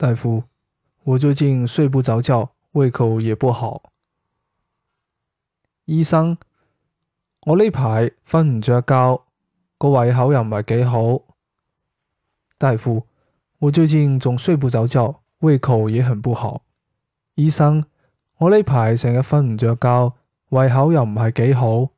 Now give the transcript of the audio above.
大夫，我最近睡不着覺，胃口也不好。醫生，我呢排瞓唔着覺，個胃口又唔係幾好。大夫，我最近仲睡不着覺，胃口也很不好。醫生，我呢排成日瞓唔着覺，胃口又唔係幾好。